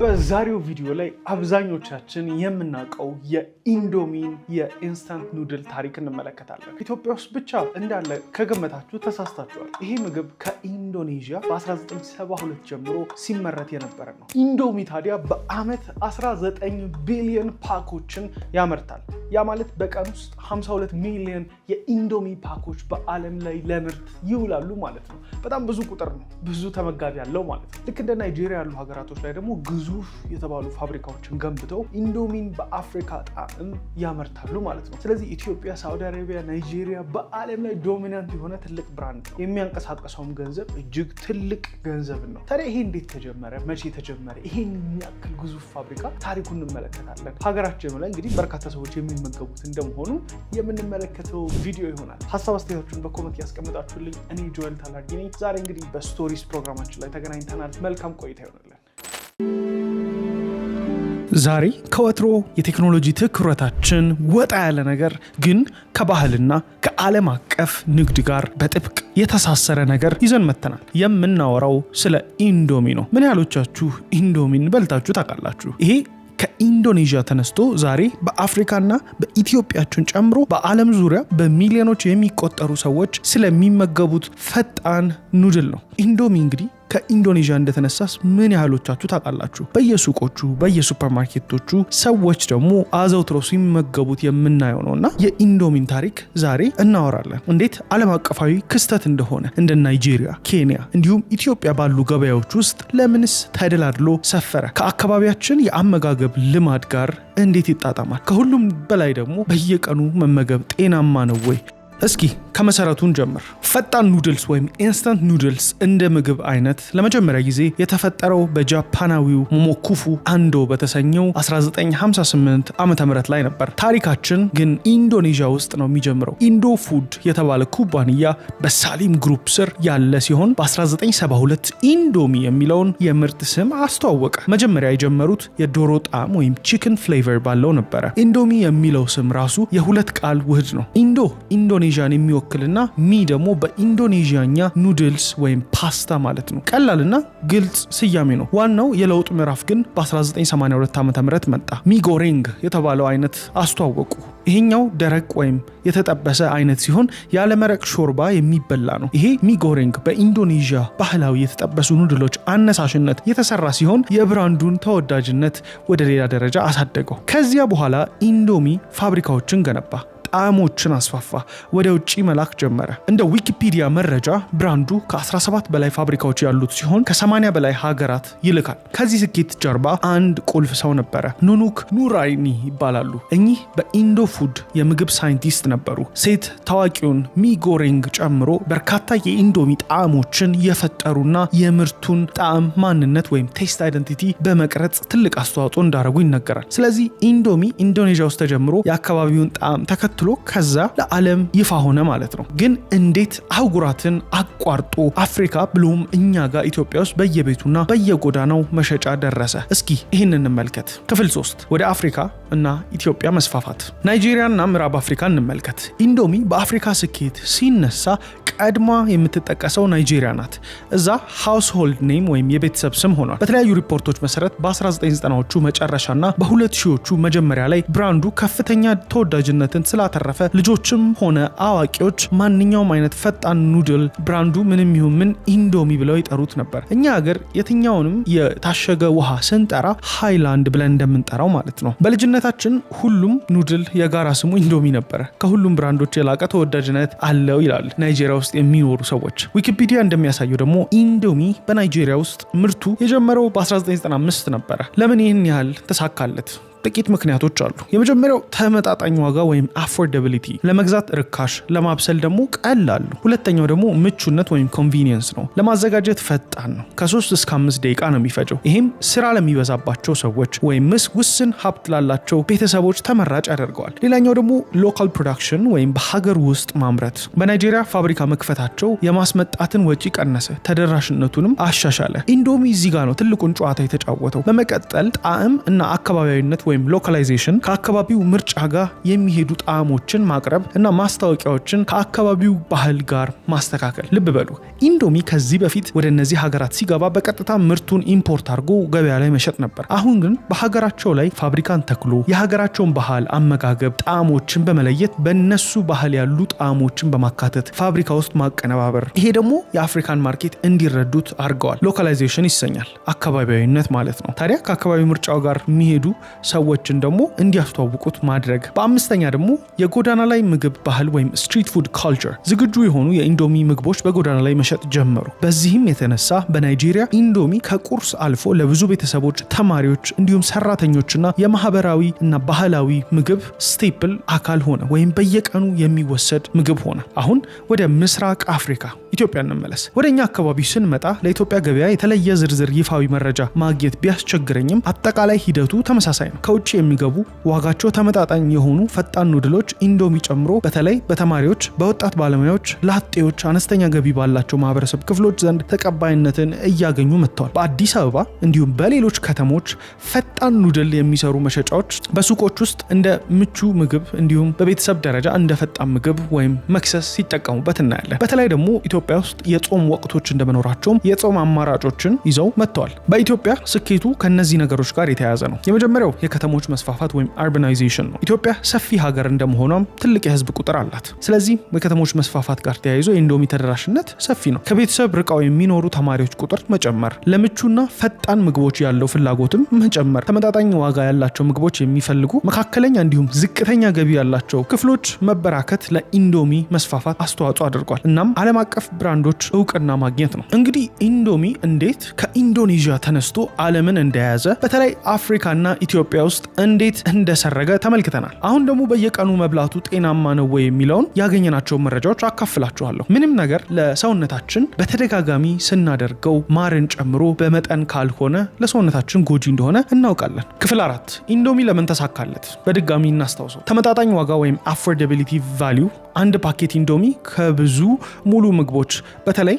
በዛሬው ቪዲዮ ላይ አብዛኞቻችን የምናውቀው የኢንዶሚን የኢንስታንት ኑድል ታሪክ እንመለከታለን። ኢትዮጵያ ውስጥ ብቻ እንዳለ ከገመታችሁ ተሳስታችኋል። ይሄ ምግብ ከኢንዶኔዥያ በ1972 ጀምሮ ሲመረት የነበረ ነው። ኢንዶሚ ታዲያ በዓመት 19 ቢሊዮን ፓኮችን ያመርታል። ያ ማለት በቀን ውስጥ 52 ሚሊዮን የኢንዶሚ ፓኮች በዓለም ላይ ለምርት ይውላሉ ማለት ነው። በጣም ብዙ ቁጥር ነው። ብዙ ተመጋቢ ያለው ማለት ነው። ልክ እንደ ናይጄሪያ ያሉ ሀገራቶች ላይ ደግሞ ግዙፍ የተባሉ ፋብሪካዎችን ገንብተው ኢንዶሚን በአፍሪካ ጣዕም ያመርታሉ ማለት ነው። ስለዚህ ኢትዮጵያ፣ ሳውዲ አረቢያ፣ ናይጄሪያ በዓለም ላይ ዶሚናንት የሆነ ትልቅ ብራንድ ነው። የሚያንቀሳቀሰውም ገንዘብ እጅግ ትልቅ ገንዘብ ነው። ታዲያ ይሄ እንዴት ተጀመረ? መቼ ተጀመረ? ይሄን የሚያክል ግዙፍ ፋብሪካ ታሪኩ እንመለከታለን። ሀገራችን ላይ እንግዲህ በርካታ ሰዎች የሚመገቡት እንደመሆኑ የምንመለከተው ቪዲዮ ይሆናል። ሀሳብ አስተያየታችሁን በኮመንት ያስቀምጣችሁልኝ። እኔ ጆኤል ታላጊ ነኝ። ዛሬ እንግዲህ በስቶሪስ ፕሮግራማችን ላይ ተገናኝተናል። መልካም ቆይታ ይሆናል። ዛሬ ከወትሮ የቴክኖሎጂ ትኩረታችን ወጣ ያለ ነገር ግን ከባህልና ከዓለም አቀፍ ንግድ ጋር በጥብቅ የተሳሰረ ነገር ይዘን መተናል። የምናወራው ስለ ኢንዶሚ ነው። ምን ያህሎቻችሁ ኢንዶሚን በልታችሁ ታውቃላችሁ? ይሄ ከኢንዶኔዥያ ተነስቶ ዛሬ በአፍሪካና በኢትዮጵያችን ጨምሮ በዓለም ዙሪያ በሚሊዮኖች የሚቆጠሩ ሰዎች ስለሚመገቡት ፈጣን ኑድል ነው። ኢንዶሚ እንግዲህ ከኢንዶኔዥያ እንደተነሳስ ምን ያህሎቻችሁ ታውቃላችሁ? በየሱቆቹ በየሱፐርማርኬቶቹ ሰዎች ደግሞ አዘውትረው ሲመገቡት የምናየው ነው እና የኢንዶሚን ታሪክ ዛሬ እናወራለን። እንዴት ዓለም አቀፋዊ ክስተት እንደሆነ እንደ ናይጄሪያ፣ ኬንያ እንዲሁም ኢትዮጵያ ባሉ ገበያዎች ውስጥ ለምንስ ተደላድሎ ሰፈረ? ከአካባቢያችን የአመጋገብ ልማድ ጋር እንዴት ይጣጣማል? ከሁሉም በላይ ደግሞ በየቀኑ መመገብ ጤናማ ነው ወይ? እስኪ ከመሰረቱን ጀምር። ፈጣን ኑድልስ ወይም ኢንስታንት ኑድልስ እንደ ምግብ አይነት ለመጀመሪያ ጊዜ የተፈጠረው በጃፓናዊው ሞሞኩፉ አንዶ በተሰኘው 1958 ዓ ም ላይ ነበር። ታሪካችን ግን ኢንዶኔዥያ ውስጥ ነው የሚጀምረው። ኢንዶ ፉድ የተባለ ኩባንያ በሳሊም ግሩፕ ስር ያለ ሲሆን በ1972 ኢንዶሚ የሚለውን የምርት ስም አስተዋወቀ። መጀመሪያ የጀመሩት የዶሮ ጣዕም ወይም ቺክን ፍሌቨር ባለው ነበረ። ኢንዶሚ የሚለው ስም ራሱ የሁለት ቃል ውህድ ነው። ኢንዶ ኢንዶኔ ኢንዶኔዥያን የሚወክልና ሚ ደግሞ በኢንዶኔዥያኛ ኑድልስ ወይም ፓስታ ማለት ነው። ቀላልና ግልጽ ስያሜ ነው። ዋናው የለውጥ ምዕራፍ ግን በ1982 ዓ ም መጣ። ሚጎሬንግ የተባለው አይነት አስተዋወቁ። ይሄኛው ደረቅ ወይም የተጠበሰ አይነት ሲሆን ያለመረቅ ሾርባ የሚበላ ነው። ይሄ ሚጎሬንግ በኢንዶኔዥያ ባህላዊ የተጠበሱ ኑድሎች አነሳሽነት የተሰራ ሲሆን የብራንዱን ተወዳጅነት ወደ ሌላ ደረጃ አሳደገው። ከዚያ በኋላ ኢንዶሚ ፋብሪካዎችን ገነባ። ጣዕሞችን አስፋፋ፣ ወደ ውጭ መላክ ጀመረ። እንደ ዊኪፒዲያ መረጃ ብራንዱ ከ17 በላይ ፋብሪካዎች ያሉት ሲሆን ከ80 በላይ ሀገራት ይልካል። ከዚህ ስኬት ጀርባ አንድ ቁልፍ ሰው ነበረ። ኑኑክ ኑራይኒ ይባላሉ። እኚህ በኢንዶ ፉድ የምግብ ሳይንቲስት ነበሩ። ሴት ታዋቂውን ሚጎሬንግ ጨምሮ በርካታ የኢንዶሚ ጣዕሞችን የፈጠሩና የምርቱን ጣዕም ማንነት ወይም ቴስት አይደንቲቲ በመቅረጽ ትልቅ አስተዋጽኦ እንዳደረጉ ይነገራል። ስለዚህ ኢንዶሚ ኢንዶኔዥያ ውስጥ ተጀምሮ የአካባቢውን ጣዕም ተከትሎ ተከትሎ ከዛ ለዓለም ይፋ ሆነ ማለት ነው። ግን እንዴት አህጉራትን አቋርጦ አፍሪካ ብሎም እኛ ጋር ኢትዮጵያ ውስጥ በየቤቱና በየጎዳናው መሸጫ ደረሰ? እስኪ ይህን እንመልከት። ክፍል 3 ወደ አፍሪካ እና ኢትዮጵያ መስፋፋት። ናይጄሪያና ምዕራብ አፍሪካ እንመልከት። ኢንዶሚ በአፍሪካ ስኬት ሲነሳ ቀድማ የምትጠቀሰው ናይጄሪያ ናት። እዛ ሃውስሆልድ ኔም ወይም የቤተሰብ ስም ሆኗል። በተለያዩ ሪፖርቶች መሰረት በ1990ዎቹ መጨረሻና በሁለት ሺዎቹ መጀመሪያ ላይ ብራንዱ ከፍተኛ ተወዳጅነትን ስላ ስላተረፈ ልጆችም ሆነ አዋቂዎች ማንኛውም አይነት ፈጣን ኑድል ብራንዱ ምንም ይሁን ምን ኢንዶሚ ብለው ይጠሩት ነበር። እኛ ሀገር የትኛውንም የታሸገ ውሃ ስንጠራ ሃይላንድ ብለን እንደምንጠራው ማለት ነው። በልጅነታችን ሁሉም ኑድል የጋራ ስሙ ኢንዶሚ ነበረ። ከሁሉም ብራንዶች የላቀ ተወዳጅነት አለው ይላል ናይጄሪያ ውስጥ የሚኖሩ ሰዎች። ዊኪፒዲያ እንደሚያሳየው ደግሞ ኢንዶሚ በናይጄሪያ ውስጥ ምርቱ የጀመረው በ1995 ነበረ። ለምን ይህን ያህል ተሳካለት? ጥቂት ምክንያቶች አሉ። የመጀመሪያው ተመጣጣኝ ዋጋ ወይም አፎርደብሊቲ፣ ለመግዛት ርካሽ፣ ለማብሰል ደግሞ ቀላል ሁለተኛው ደግሞ ምቹነት ወይም ኮንቪኒየንስ ነው። ለማዘጋጀት ፈጣን ነው። ከ3 እስከ 5 ደቂቃ ነው የሚፈጀው። ይህም ስራ ለሚበዛባቸው ሰዎች ወይም ምስ ውስን ሀብት ላላቸው ቤተሰቦች ተመራጭ ያደርገዋል። ሌላኛው ደግሞ ሎካል ፕሮዳክሽን ወይም በሀገር ውስጥ ማምረት፣ በናይጄሪያ ፋብሪካ መክፈታቸው የማስመጣትን ወጪ ቀነሰ፣ ተደራሽነቱንም አሻሻለ። ኢንዶሚ እዚህ ነው ትልቁን ጨዋታ የተጫወተው። በመቀጠል ጣዕም እና አካባቢያዊነት ወይም ወይም ሎካላይዜሽን ከአካባቢው ምርጫ ጋር የሚሄዱ ጣዕሞችን ማቅረብ እና ማስታወቂያዎችን ከአካባቢው ባህል ጋር ማስተካከል። ልብ በሉ ኢንዶሚ ከዚህ በፊት ወደ እነዚህ ሀገራት ሲገባ በቀጥታ ምርቱን ኢምፖርት አድርጎ ገበያ ላይ መሸጥ ነበር። አሁን ግን በሀገራቸው ላይ ፋብሪካን ተክሎ የሀገራቸውን ባህል፣ አመጋገብ፣ ጣዕሞችን በመለየት በእነሱ ባህል ያሉ ጣዕሞችን በማካተት ፋብሪካ ውስጥ ማቀነባበር። ይሄ ደግሞ የአፍሪካን ማርኬት እንዲረዱት አድርገዋል። ሎካላይዜሽን ይሰኛል፣ አካባቢያዊነት ማለት ነው። ታዲያ ከአካባቢ ምርጫው ጋር የሚሄዱ ሰዎችን ደግሞ እንዲያስተዋውቁት ማድረግ። በአምስተኛ ደግሞ የጎዳና ላይ ምግብ ባህል ወይም ስትሪት ፉድ ካልቸር፣ ዝግጁ የሆኑ የኢንዶሚ ምግቦች በጎዳና ላይ መሸጥ ጀመሩ። በዚህም የተነሳ በናይጄሪያ ኢንዶሚ ከቁርስ አልፎ ለብዙ ቤተሰቦች፣ ተማሪዎች እንዲሁም ሰራተኞችና የማህበራዊ እና ባህላዊ ምግብ ስቴፕል አካል ሆነ ወይም በየቀኑ የሚወሰድ ምግብ ሆነ። አሁን ወደ ምስራቅ አፍሪካ ኢትዮጵያ እንመለስ። ወደ እኛ አካባቢ ስንመጣ ለኢትዮጵያ ገበያ የተለየ ዝርዝር ይፋዊ መረጃ ማግኘት ቢያስቸግረኝም አጠቃላይ ሂደቱ ተመሳሳይ ነው። ከውጭ የሚገቡ ዋጋቸው ተመጣጣኝ የሆኑ ፈጣን ኑድሎች ኢንዶሚ ጨምሮ በተለይ በተማሪዎች፣ በወጣት ባለሙያዎች፣ ላጤዎች፣ አነስተኛ ገቢ ባላቸው ማህበረሰብ ክፍሎች ዘንድ ተቀባይነትን እያገኙ መጥተዋል። በአዲስ አበባ እንዲሁም በሌሎች ከተሞች ፈጣን ኑድል የሚሰሩ መሸጫዎች በሱቆች ውስጥ እንደ ምቹ ምግብ እንዲሁም በቤተሰብ ደረጃ እንደ ፈጣን ምግብ ወይም መክሰስ ሲጠቀሙበት እናያለን። በተለይ ደግሞ ኢትዮጵያ ኢትዮጵያ ውስጥ የጾም ወቅቶች እንደመኖራቸውም የጾም አማራጮችን ይዘው መጥተዋል። በኢትዮጵያ ስኬቱ ከነዚህ ነገሮች ጋር የተያያዘ ነው። የመጀመሪያው የከተሞች መስፋፋት ወይም አርባናይዜሽን ነው። ኢትዮጵያ ሰፊ ሀገር እንደመሆኗም ትልቅ የህዝብ ቁጥር አላት። ስለዚህ የከተሞች መስፋፋት ጋር ተያይዞ የኢንዶሚ ተደራሽነት ሰፊ ነው። ከቤተሰብ ርቀው የሚኖሩ ተማሪዎች ቁጥር መጨመር፣ ለምቹና ፈጣን ምግቦች ያለው ፍላጎትም መጨመር፣ ተመጣጣኝ ዋጋ ያላቸው ምግቦች የሚፈልጉ መካከለኛ እንዲሁም ዝቅተኛ ገቢ ያላቸው ክፍሎች መበራከት ለኢንዶሚ መስፋፋት አስተዋጽኦ አድርጓል። እናም ዓለም አቀፍ አቀፍ ብራንዶች እውቅና ማግኘት ነው። እንግዲህ ኢንዶሚ እንዴት ከኢንዶኔዥያ ተነስቶ ዓለምን እንደያዘ በተለይ አፍሪካና ኢትዮጵያ ውስጥ እንዴት እንደሰረገ ተመልክተናል። አሁን ደግሞ በየቀኑ መብላቱ ጤናማ ነው ወይ የሚለውን ያገኘናቸውን መረጃዎች አካፍላችኋለሁ። ምንም ነገር ለሰውነታችን በተደጋጋሚ ስናደርገው ማርን ጨምሮ በመጠን ካልሆነ ለሰውነታችን ጎጂ እንደሆነ እናውቃለን። ክፍል አራት ኢንዶሚ ለምን ተሳካለት? በድጋሚ እናስታውሰው። ተመጣጣኝ ዋጋ ወይም አፎርዳቢሊቲ ቫሊዩ አንድ ፓኬት ኢንዶሚ ከብዙ ሙሉ ምግቦ ሀሳቦች በተለይ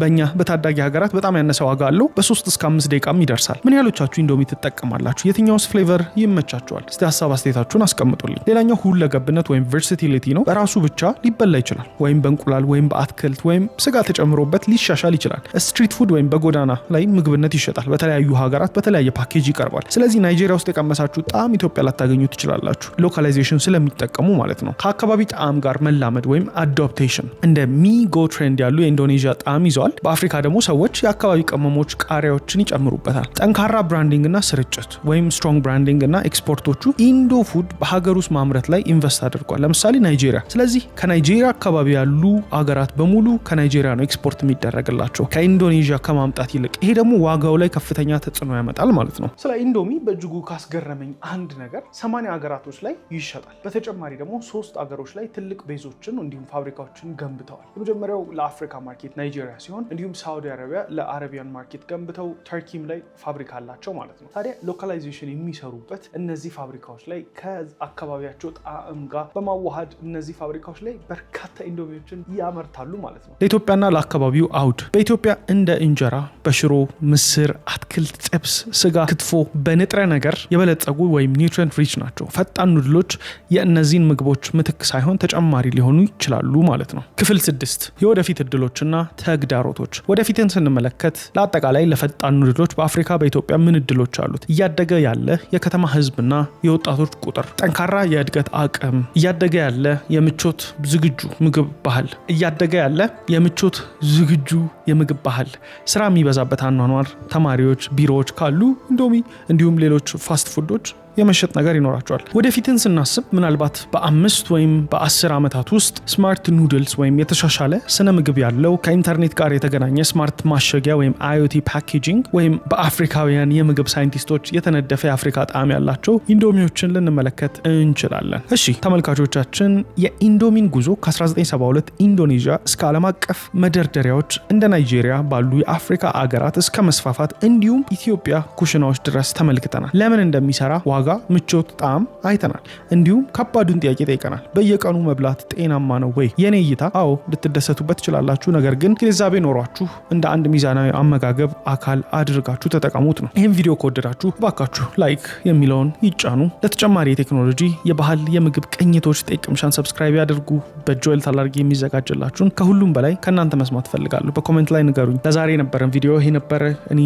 በእኛ በታዳጊ ሀገራት በጣም ያነሰ ዋጋ አለው። በ3 እስከ አምስት ደቂቃም ይደርሳል። ምን ያህሎቻችሁ ኢንዶሚ ትጠቀማላችሁ? የትኛውስ ፍሌቨር ይመቻችኋል? እስቲ ሀሳብ አስተያየታችሁን አስቀምጡልኝ። ሌላኛው ሁለገብነት ወይም ቨርሲቲሊቲ ነው። በራሱ ብቻ ሊበላ ይችላል፣ ወይም በእንቁላል ወይም በአትክልት ወይም ስጋ ተጨምሮበት ሊሻሻል ይችላል። ስትሪት ፉድ ወይም በጎዳና ላይ ምግብነት ይሸጣል። በተለያዩ ሀገራት በተለያየ ፓኬጅ ይቀርባል። ስለዚህ ናይጄሪያ ውስጥ የቀመሳችሁ ጣም ኢትዮጵያ ላታገኙ ትችላላችሁ፣ ሎካላይዜሽን ስለሚጠቀሙ ማለት ነው። ከአካባቢ ጣዕም ጋር መላመድ ወይም አዶፕቴሽን እንደ ሚጎ ትሬንድ ዘንድ ያሉ የኢንዶኔዥያ ጣዕም ይዘዋል። በአፍሪካ ደግሞ ሰዎች የአካባቢ ቅመሞች፣ ቃሪያዎችን ይጨምሩበታል። ጠንካራ ብራንዲንግ እና ስርጭት ወይም ስትሮንግ ብራንዲንግ እና ኤክስፖርቶቹ ኢንዶ ፉድ በሀገር ውስጥ ማምረት ላይ ኢንቨስት አድርጓል። ለምሳሌ ናይጄሪያ። ስለዚህ ከናይጄሪያ አካባቢ ያሉ አገራት በሙሉ ከናይጄሪያ ነው ኤክስፖርት የሚደረግላቸው ከኢንዶኔዥያ ከማምጣት ይልቅ። ይሄ ደግሞ ዋጋው ላይ ከፍተኛ ተጽዕኖ ያመጣል ማለት ነው። ስለ ኢንዶሚ በእጅጉ ካስገረመኝ አንድ ነገር ሰማንያ አገራቶች ላይ ይሸጣል። በተጨማሪ ደግሞ ሶስት አገሮች ላይ ትልቅ ቤዞችን እንዲሁም ፋብሪካዎችን ገንብተዋል። የመጀመሪያው ለአፍሪካ ማርኬት ናይጄሪያ ሲሆን እንዲሁም ሳውዲ አረቢያ ለአረቢያን ማርኬት ገንብተው ተርኪም ላይ ፋብሪካ አላቸው ማለት ነው። ታዲያ ሎካላይዜሽን የሚሰሩበት እነዚህ ፋብሪካዎች ላይ ከአካባቢያቸው ጣዕም ጋር በማዋሃድ እነዚህ ፋብሪካዎች ላይ በርካታ ኢንዶሚዎችን ያመርታሉ ማለት ነው። ለኢትዮጵያና ለአካባቢው አውድ በኢትዮጵያ እንደ እንጀራ በሽሮ ምስር፣ አትክልት፣ ጥብስ፣ ስጋ፣ ክትፎ በንጥረ ነገር የበለጸጉ ወይም ኒውትሪንት ሪች ናቸው። ፈጣን ኑድሎች የእነዚህን ምግቦች ምትክ ሳይሆን ተጨማሪ ሊሆኑ ይችላሉ ማለት ነው። ክፍል ስድስት የወደፊት የወደፊት እድሎችና ተግዳሮቶች ወደፊትን ስንመለከት ለአጠቃላይ ለፈጣን ንድሎች በአፍሪካ በኢትዮጵያ ምን እድሎች አሉት? እያደገ ያለ የከተማ ህዝብና የወጣቶች ቁጥር፣ ጠንካራ የእድገት አቅም፣ እያደገ ያለ የምቾት ዝግጁ ምግብ ባህል፣ እያደገ ያለ የምቾት ዝግጁ የምግብ ባህል፣ ስራ የሚበዛበት አኗኗር፣ ተማሪዎች፣ ቢሮዎች ካሉ እንዶሚ፣ እንዲሁም ሌሎች ፋስት ፉዶች የመሸጥ ነገር ይኖራቸዋል። ወደፊትን ስናስብ ምናልባት በአምስት ወይም በአስር ዓመታት ውስጥ ስማርት ኑድልስ ወይም የተሻሻለ ስነ ምግብ ያለው ከኢንተርኔት ጋር የተገናኘ ስማርት ማሸጊያ ወይም አዮቲ ፓኬጂንግ ወይም በአፍሪካውያን የምግብ ሳይንቲስቶች የተነደፈ የአፍሪካ ጣዕም ያላቸው ኢንዶሚዎችን ልንመለከት እንችላለን። እሺ ተመልካቾቻችን፣ የኢንዶሚን ጉዞ ከ1972 ኢንዶኔዥያ እስከ ዓለም አቀፍ መደርደሪያዎች እንደ ናይጄሪያ ባሉ የአፍሪካ አገራት እስከ መስፋፋት እንዲሁም ኢትዮጵያ ኩሽናዎች ድረስ ተመልክተናል። ለምን እንደሚሰራ ዋጋ፣ ምቾት፣ ጣዕም አይተናል። እንዲሁም ከባዱን ጥያቄ ጠይቀናል። በየቀኑ መብላት ጤናማ ነው ወይ? የኔ እይታ አዎ፣ ልትደሰቱበት ትችላላችሁ። ነገር ግን ግንዛቤ ኖሯችሁ እንደ አንድ ሚዛናዊ አመጋገብ አካል አድርጋችሁ ተጠቀሙት ነው። ይህም ቪዲዮ ከወደዳችሁ ባካችሁ ላይክ የሚለውን ይጫኑ። ለተጨማሪ የቴክኖሎጂ የባህል፣ የምግብ ቅኝቶች ጥቅምሻን ሰብስክራይብ ያደርጉ። በጆኤል ታላርጊ የሚዘጋጅላችሁን ከሁሉም በላይ ከእናንተ መስማት ፈልጋለሁ። በኮሜንት ላይ ንገሩኝ። ለዛሬ የነበረን ቪዲዮ ይሄ ነበረ። እኔ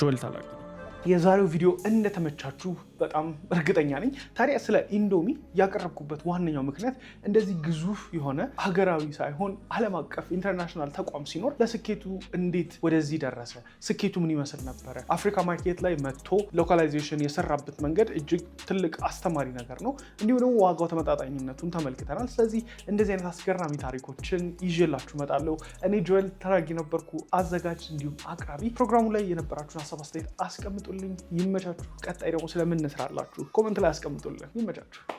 ጆኤል ታላርጊ። የዛሬው ቪዲዮ እንደተመቻችሁ በጣም እርግጠኛ ነኝ። ታዲያ ስለ ኢንዶሚ ያቀረብኩበት ዋነኛው ምክንያት እንደዚህ ግዙፍ የሆነ ሀገራዊ ሳይሆን ዓለም አቀፍ ኢንተርናሽናል ተቋም ሲኖር ለስኬቱ እንዴት ወደዚህ ደረሰ፣ ስኬቱ ምን ይመስል ነበረ፣ አፍሪካ ማርኬት ላይ መጥቶ ሎካላይዜሽን የሰራበት መንገድ እጅግ ትልቅ አስተማሪ ነገር ነው። እንዲሁም ደግሞ ዋጋው ተመጣጣኝነቱን ተመልክተናል። ስለዚህ እንደዚህ አይነት አስገራሚ ታሪኮችን ይዤላችሁ እመጣለሁ። እኔ ጆኤል ተራጊ ነበርኩ አዘጋጅ እንዲሁም አቅራቢ። ፕሮግራሙ ላይ የነበራችሁን ሀሳብ አስተያየት አስቀምጡልኝ። ይመቻችሁ። ቀጣይ ደግሞ ስለምን እንስራላችሁ? ኮመንት ላይ አስቀምጡልን። ይመቻችሁ።